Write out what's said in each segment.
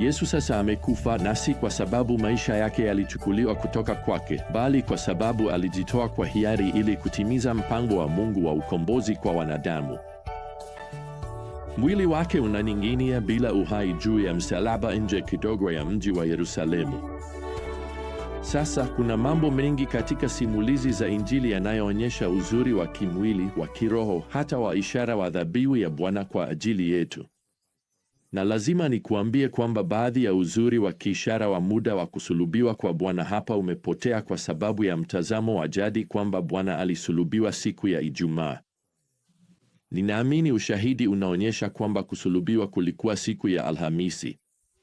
Yesu sasa amekufa, na si kwa sababu maisha yake yalichukuliwa kutoka kwake, bali kwa sababu alijitoa kwa hiari ili kutimiza mpango wa Mungu wa ukombozi kwa wanadamu. Mwili wake unaning'inia bila uhai juu ya msalaba nje kidogo ya mji wa Yerusalemu. Sasa kuna mambo mengi katika simulizi za Injili yanayoonyesha uzuri wa kimwili, wa kiroho, hata wa ishara wa dhabihu ya Bwana kwa ajili yetu. Na lazima nikuambie kwamba baadhi ya uzuri wa kiishara wa muda wa kusulubiwa kwa Bwana hapa umepotea kwa sababu ya mtazamo wa jadi kwamba Bwana alisulubiwa siku ya Ijumaa. Ninaamini ushahidi unaonyesha kwamba kusulubiwa kulikuwa siku ya Alhamisi,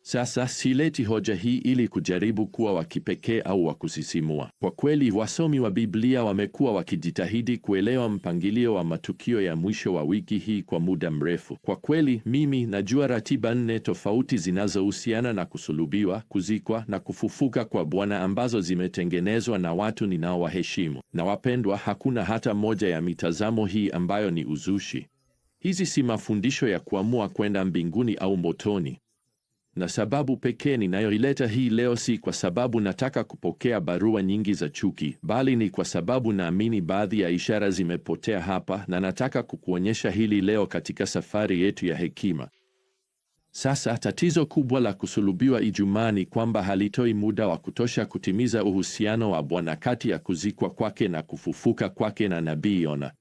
sasa sileti hoja hii ili kujaribu kuwa wa kipekee au wa kusisimua. Kwa kweli, wasomi wa Biblia wamekuwa wakijitahidi kuelewa mpangilio wa matukio ya mwisho wa wiki hii kwa muda mrefu. Kwa kweli, mimi najua ratiba nne tofauti zinazohusiana na kusulubiwa, kuzikwa na kufufuka kwa Bwana ambazo zimetengenezwa na watu ninaowaheshimu. Na wapendwa, hakuna hata moja ya mitazamo hii ambayo ni uzushi. Hizi si mafundisho ya kuamua kwenda mbinguni au motoni na sababu pekee ninayoileta hii leo si kwa sababu nataka kupokea barua nyingi za chuki, bali ni kwa sababu naamini baadhi ya ishara zimepotea hapa, na nataka kukuonyesha hili leo katika safari yetu ya hekima. Sasa tatizo kubwa la kusulubiwa Ijumaa ni kwamba halitoi muda wa kutosha kutimiza uhusiano wa Bwana kati ya kuzikwa kwake na kufufuka kwake na nabii Yona.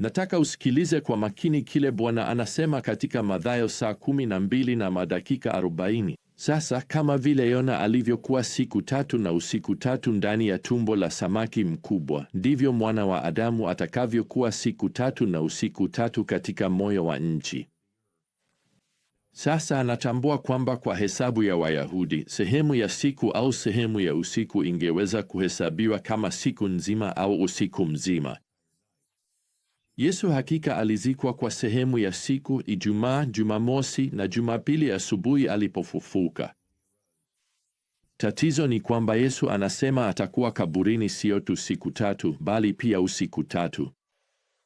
Nataka usikilize kwa makini kile Bwana anasema katika Mathayo saa kumi na mbili na madakika arobaini. Sasa kama vile Yona alivyokuwa siku tatu na usiku tatu ndani ya tumbo la samaki mkubwa, ndivyo mwana wa Adamu atakavyokuwa siku tatu na usiku tatu katika moyo wa nchi. Sasa anatambua kwamba kwa hesabu ya Wayahudi, sehemu ya siku au sehemu ya usiku ingeweza kuhesabiwa kama siku nzima au usiku mzima. Yesu hakika alizikwa kwa sehemu ya siku, Ijumaa, Jumamosi na Jumapili asubuhi alipofufuka. Tatizo ni kwamba Yesu anasema atakuwa kaburini sio tu siku tatu, bali pia usiku tatu.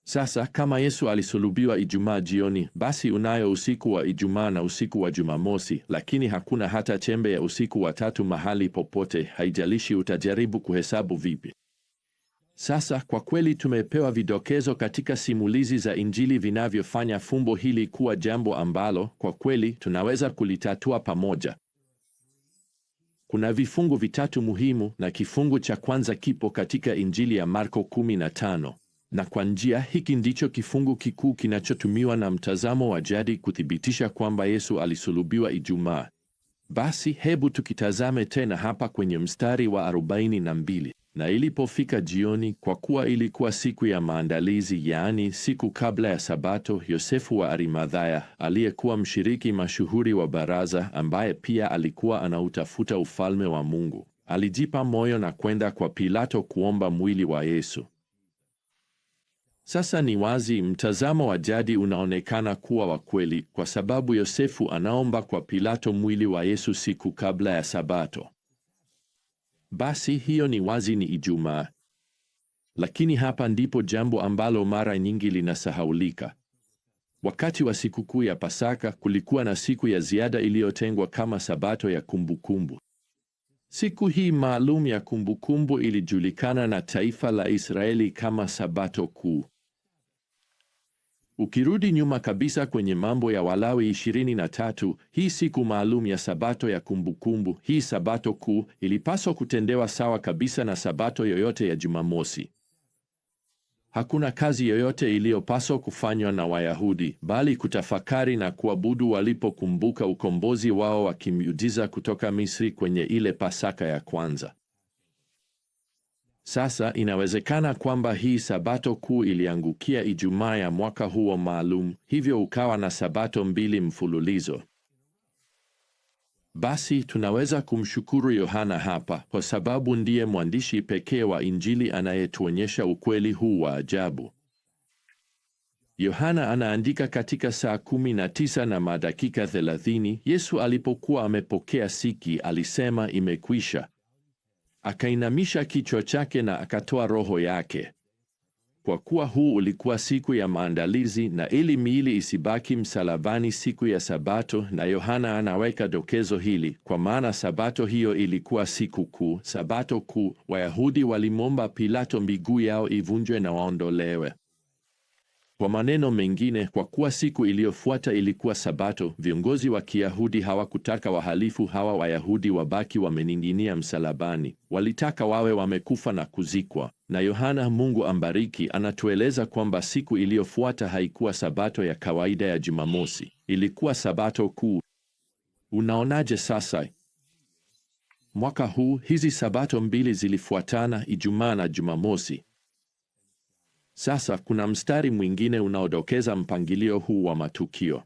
Sasa kama Yesu alisulubiwa Ijumaa jioni, basi unayo usiku wa Ijumaa na usiku wa Jumamosi, lakini hakuna hata chembe ya usiku wa tatu mahali popote, haijalishi utajaribu kuhesabu vipi. Sasa kwa kweli tumepewa vidokezo katika simulizi za Injili vinavyofanya fumbo hili kuwa jambo ambalo kwa kweli tunaweza kulitatua pamoja. Kuna vifungu vitatu muhimu na kifungu cha kwanza kipo katika Injili ya Marko 15. Na kwa njia, hiki ndicho kifungu kikuu kinachotumiwa na mtazamo wa jadi kuthibitisha kwamba Yesu alisulubiwa Ijumaa. Basi hebu tukitazame tena hapa kwenye mstari wa 42. Na ilipofika jioni, kwa kuwa ilikuwa siku ya maandalizi, yaani siku kabla ya Sabato, Yosefu wa Arimathaya aliyekuwa mshiriki mashuhuri wa baraza, ambaye pia alikuwa anautafuta ufalme wa Mungu, alijipa moyo na kwenda kwa Pilato kuomba mwili wa Yesu. Sasa ni wazi mtazamo wa jadi unaonekana kuwa wa kweli, kwa sababu Yosefu anaomba kwa Pilato mwili wa Yesu siku kabla ya Sabato. Basi hiyo ni wazi ni Ijumaa. Lakini hapa ndipo jambo ambalo mara nyingi linasahaulika. Wakati wa sikukuu ya Pasaka kulikuwa na siku ya ziada iliyotengwa kama Sabato ya kumbukumbu. Siku hii maalum ya kumbukumbu ilijulikana na taifa la Israeli kama Sabato Kuu. Ukirudi nyuma kabisa kwenye Mambo ya Walawi 23, hii siku maalum ya sabato ya kumbukumbu, hii sabato kuu ilipaswa kutendewa sawa kabisa na sabato yoyote ya Jumamosi. Hakuna kazi yoyote iliyopaswa kufanywa na Wayahudi bali kutafakari na kuabudu walipokumbuka ukombozi wao wa kutoka Misri kwenye ile Pasaka ya kwanza. Sasa inawezekana kwamba hii sabato kuu iliangukia Ijumaa ya mwaka huo maalum, hivyo ukawa na sabato mbili mfululizo. Basi tunaweza kumshukuru Yohana hapa kwa sababu ndiye mwandishi pekee wa Injili anayetuonyesha ukweli huu wa ajabu. Yohana anaandika katika saa 19 na na madakika 30, Yesu alipokuwa amepokea siki, alisema imekwisha. Akainamisha kichwa chake na akatoa roho yake. Kwa kuwa huu ulikuwa siku ya maandalizi, na ili miili isibaki msalabani siku ya Sabato, na Yohana anaweka dokezo hili: kwa maana Sabato hiyo ilikuwa siku kuu, Sabato kuu, Wayahudi walimwomba Pilato miguu yao ivunjwe na waondolewe. Kwa maneno mengine, kwa kuwa siku iliyofuata ilikuwa Sabato, viongozi wa Kiyahudi hawakutaka wahalifu hawa Wayahudi wabaki wamening'inia msalabani. Walitaka wawe wamekufa na kuzikwa. Na Yohana, Mungu ambariki, anatueleza kwamba siku iliyofuata haikuwa Sabato ya kawaida ya Jumamosi, ilikuwa Sabato kuu. Unaonaje sasa? Mwaka huu hizi Sabato mbili zilifuatana, Ijumaa na Jumamosi. Sasa kuna mstari mwingine unaodokeza mpangilio huu wa matukio.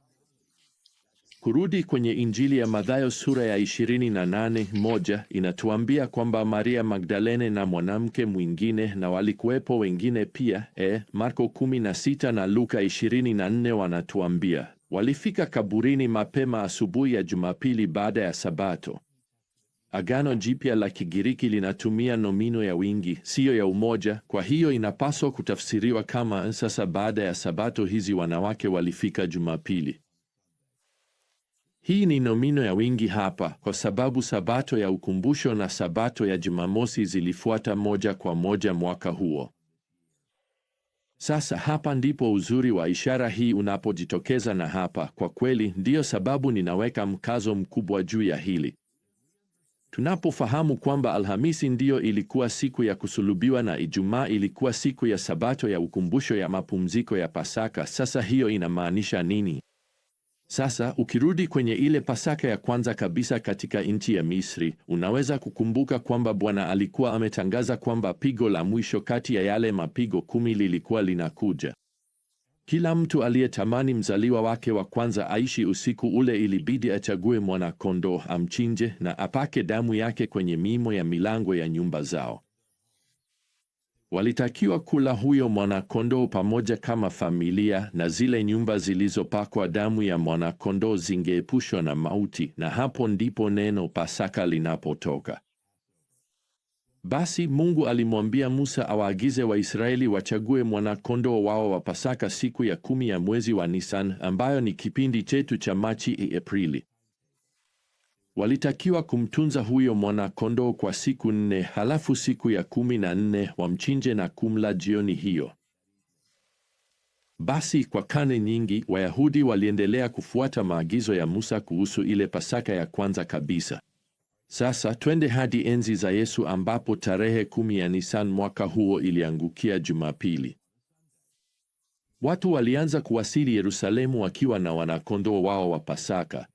Kurudi kwenye Injili ya Mathayo sura ya 28 moja inatuambia kwamba Maria Magdalene na mwanamke mwingine na walikuwepo wengine pia. E, Marko 16 na Luka 24 wanatuambia walifika kaburini mapema asubuhi ya Jumapili baada ya Sabato. Agano Jipya la Kigiriki linatumia nomino ya wingi, siyo ya umoja. Kwa hiyo inapaswa kutafsiriwa kama sasa, baada ya sabato hizi wanawake walifika Jumapili. Hii ni nomino ya wingi hapa kwa sababu sabato ya ukumbusho na sabato ya Jumamosi zilifuata moja kwa moja mwaka huo. Sasa hapa ndipo uzuri wa ishara hii unapojitokeza, na hapa kwa kweli ndiyo sababu ninaweka mkazo mkubwa juu ya hili. Tunapofahamu kwamba Alhamisi ndiyo ilikuwa siku ya kusulubiwa na Ijumaa ilikuwa siku ya Sabato ya ukumbusho ya mapumziko ya Pasaka, sasa hiyo inamaanisha nini? Sasa ukirudi kwenye ile Pasaka ya kwanza kabisa katika nchi ya Misri, unaweza kukumbuka kwamba Bwana alikuwa ametangaza kwamba pigo la mwisho kati ya yale mapigo kumi lilikuwa linakuja. Kila mtu aliyetamani mzaliwa wake wa kwanza aishi usiku ule ilibidi achague mwana-kondoo, amchinje na apake damu yake kwenye mimo ya milango ya nyumba zao. Walitakiwa kula huyo mwana-kondoo pamoja kama familia, na zile nyumba zilizopakwa damu ya mwana-kondoo zingeepushwa na mauti, na hapo ndipo neno Pasaka linapotoka. Basi Mungu alimwambia Musa awaagize Waisraeli wachague mwanakondoo wao wa Pasaka siku ya kumi ya mwezi wa Nisan, ambayo ni kipindi chetu cha Machi Aprili. Walitakiwa kumtunza huyo mwanakondoo kwa siku nne, halafu siku ya kumi na nne wamchinje na kumla jioni hiyo. Basi kwa karne nyingi Wayahudi waliendelea kufuata maagizo ya Musa kuhusu ile Pasaka ya kwanza kabisa. Sasa twende hadi enzi za Yesu ambapo tarehe kumi ya Nisan mwaka huo iliangukia Jumapili. Watu walianza kuwasili Yerusalemu wakiwa na wanakondoo wao wa Pasaka.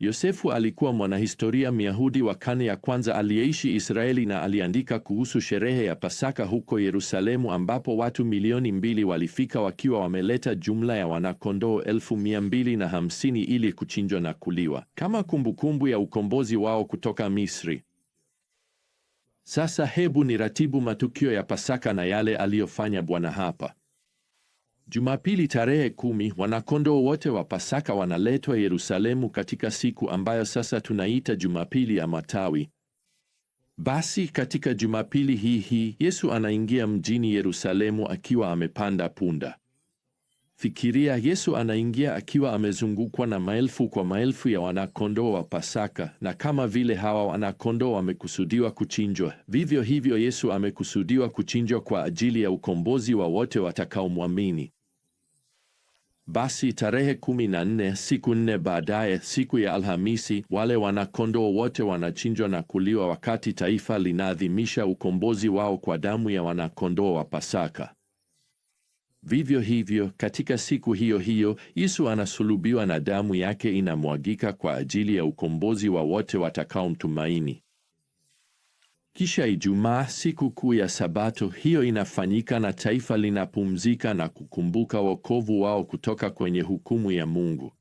Yosefu alikuwa mwanahistoria Myahudi wa kane ya kwanza aliyeishi Israeli na aliandika kuhusu sherehe ya Pasaka huko Yerusalemu ambapo watu milioni mbili walifika wakiwa wameleta jumla ya wanakondoo elfu mia mbili na hamsini ili kuchinjwa na kuliwa kama kumbukumbu ya ukombozi wao kutoka Misri. Sasa hebu ni ratibu matukio ya Pasaka na yale aliyofanya Bwana hapa. Jumapili tarehe kumi, wanakondoo wote wa Pasaka wanaletwa Yerusalemu katika siku ambayo sasa tunaita Jumapili ya Matawi. Basi katika Jumapili hii hii Yesu anaingia mjini Yerusalemu akiwa amepanda punda. Fikiria, Yesu anaingia akiwa amezungukwa na maelfu kwa maelfu ya wanakondoo wa Pasaka, na kama vile hawa wanakondoo wamekusudiwa kuchinjwa, vivyo hivyo Yesu amekusudiwa kuchinjwa kwa ajili ya ukombozi wa wote watakaomwamini. Basi tarehe kumi na nne, siku nne baadaye, siku ya Alhamisi, wale wanakondoo wote wanachinjwa na kuliwa, wakati taifa linaadhimisha ukombozi wao kwa damu ya wanakondoo wa Pasaka. Vivyo hivyo, katika siku hiyo hiyo Yesu anasulubiwa na damu yake inamwagika kwa ajili ya ukombozi wa wote watakaomtumaini. Kisha Ijumaa, siku kuu ya Sabato, hiyo inafanyika na taifa linapumzika na kukumbuka wokovu wao kutoka kwenye hukumu ya Mungu.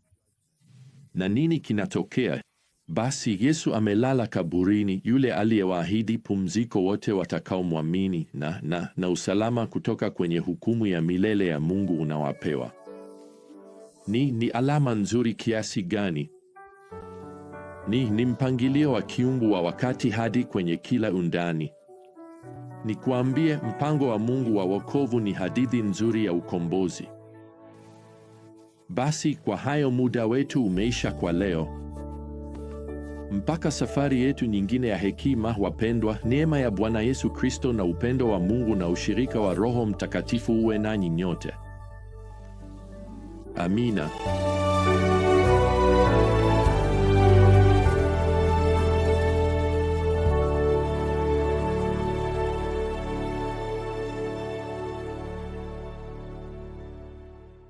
Na nini kinatokea? Basi Yesu amelala kaburini, yule aliyewaahidi pumziko wote watakaomwamini, na na na usalama kutoka kwenye hukumu ya milele ya Mungu unawapewa. Ni ni alama nzuri kiasi gani! Ni, ni mpangilio wa kiungu wa wakati hadi kwenye kila undani. Nikwambie, mpango wa Mungu wa wokovu ni hadithi nzuri ya ukombozi. Basi kwa hayo muda wetu umeisha kwa leo. Mpaka safari yetu nyingine ya hekima, wapendwa, neema ya Bwana Yesu Kristo na upendo wa Mungu na ushirika wa Roho Mtakatifu uwe nanyi nyote. Amina.